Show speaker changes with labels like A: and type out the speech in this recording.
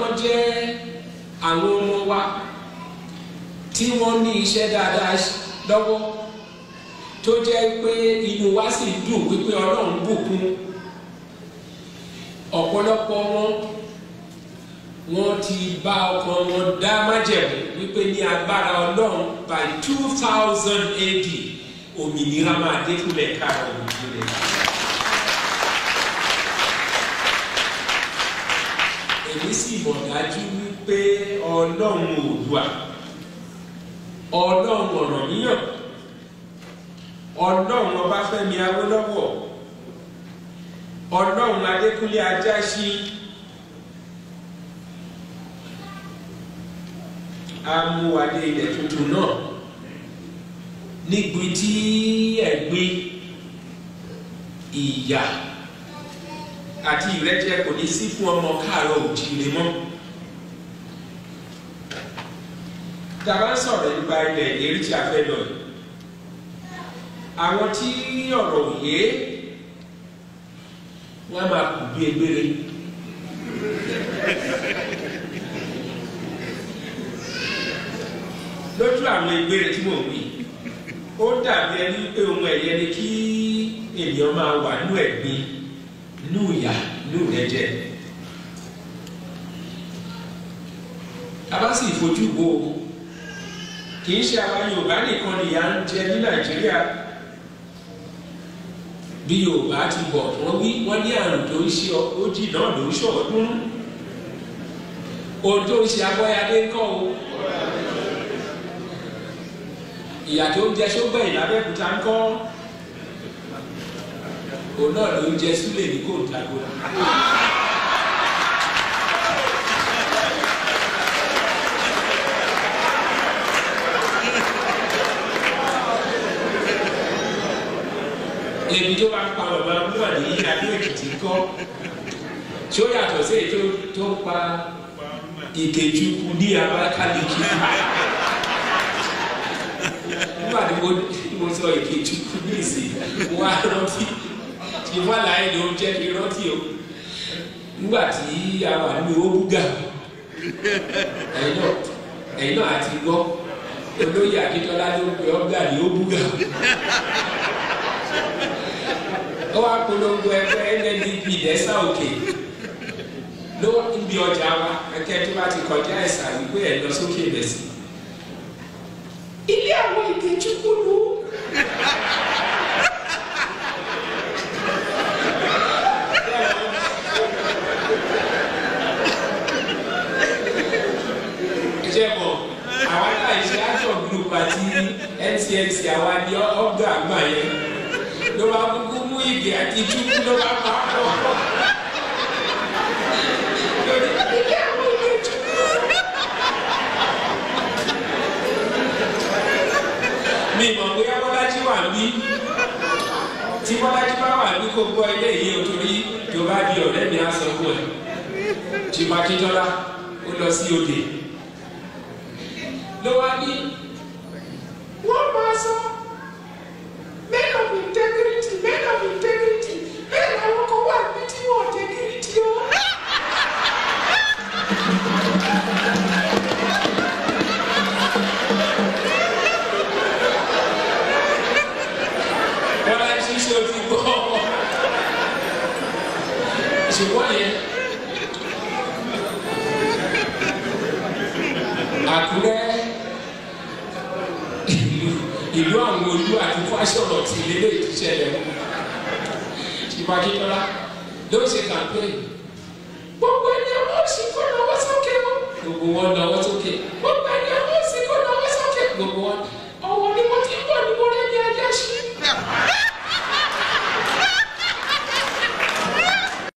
A: tó jẹ́ àwọn ọmọ wa tí wọ́n ní iṣẹ́ dáadáa lọ́wọ́ tó jẹ́ pé inú wa sì dùn wípé ọlọ́run bùkún ọ̀pọ̀lọpọ̀ wọn wọ́n ti bá ọkàn wọn dá májẹ̀mú wípé ní agbára ọlọ́run by two thousand AD òmìnira máa dé fúnlẹ̀ káàrọ̀ èmi sì mọ̀ dájú wípé ọlọ́run òdùà ọlọ́run Ọ̀rànmíyàn ọlọ́run Ọbáfẹ́mi Awólọ́wọ̀ ọlọ́run Adékúnlé Ajáṣin amúwadé ilẹ̀ tuntun náà nígbì tí ẹ̀gbin ìyà. E àti ìrẹ́jẹ kò ní sí fún ọmọ káàárọ̀ òjìire mọ́. tàbá sọ̀rọ̀ nípa ilẹ̀ ìlérí tí a fẹ́ lọ yìí àwọn tí ọ̀rọ̀ òye wọ́n máa kù bí egbére. lójú àwọn egbére tí mò ń wí ó dàbí ẹni pé ohun ẹ̀yẹ ni kí ènìyàn máa wà nínú ẹ̀gbin. nù yà nù dẹ́dẹ́ abá si fojú wo kì í ṣe àwọn Yorùbá nìkan nìyà ń jẹ ní Nàìjíríà bí Yorùbá ti bọ̀ wọ́n wí wọ́n ní àrùn tó ń ṣe ojì náà ló ń ohun tó ń ṣe abọ́yadé kọ́ o ìyà tó jẹ ń kọ́. òun náà ló ń jẹ súlè ní gòńdàgòdà. ebi tó bá ń pa bàbá búwa ní adó èkìtì kọ́ tí ó yàtọ̀ sí èyí tó ń pa ìkejìkú ní abákálíkì nígbà tí mo sọ ìkejìkú ní ìsìn wa rántí ìfọ̀là ẹ̀ ló jẹ́ kí rántí o nígbà tí a wà ní owó búgà ẹ̀yin náà ẹ̀yin náà àti gbọ́ olóyè akíntọ́lá ló ń pè ọ́ gbà ní owó búgà ó wá polongo ẹgbẹ́ nndp lẹ́sà òkè ló ń bi ọjà wa kẹ́kẹ́ tó bá ti kọjá ẹ̀sà wípé ẹ̀ lọ sókè bẹ̀sì ilé àwọn ìdíjú kúlú. reaction group àti ntmc àwa di ọgá àgbà yẹn ló bá kúkú mú ìgè àti túkú ló bá pa pọ̀. mi mọ̀ bóyá bọ́lájí wà ń bí tí bọ́lájí bá wà ní kó gbọ́ ilé yìí o torí tó bá di ọ̀rẹ́ mi á sọ fún ẹ. tìmọ̀ akíntọ́lá ó lọ sí òde. No, I mean, one máa men of integrity men of integrity bẹ́ẹ̀ làwọn kan wà ní you wọ́n integrity o. bọ́lá tí ṣe o ti gbọ́ ṣùgbọ́n yẹn. Àkúrẹ́. ìlú àwọn olú àti fásọ̀rọ̀ ti lélẹ̀ ìṣẹ̀lẹ̀ wọn ìbákíkọ́lá ló ṣe kàmpẹ́ẹ̀n gbogbo ẹni ọwọ́ sí kó lọ́wọ́ sókè o gbogbo wọn lọ́wọ́ sókè gbogbo ẹni ọwọ́ sí kó lọ́wọ́ sókè gbogbo wọn.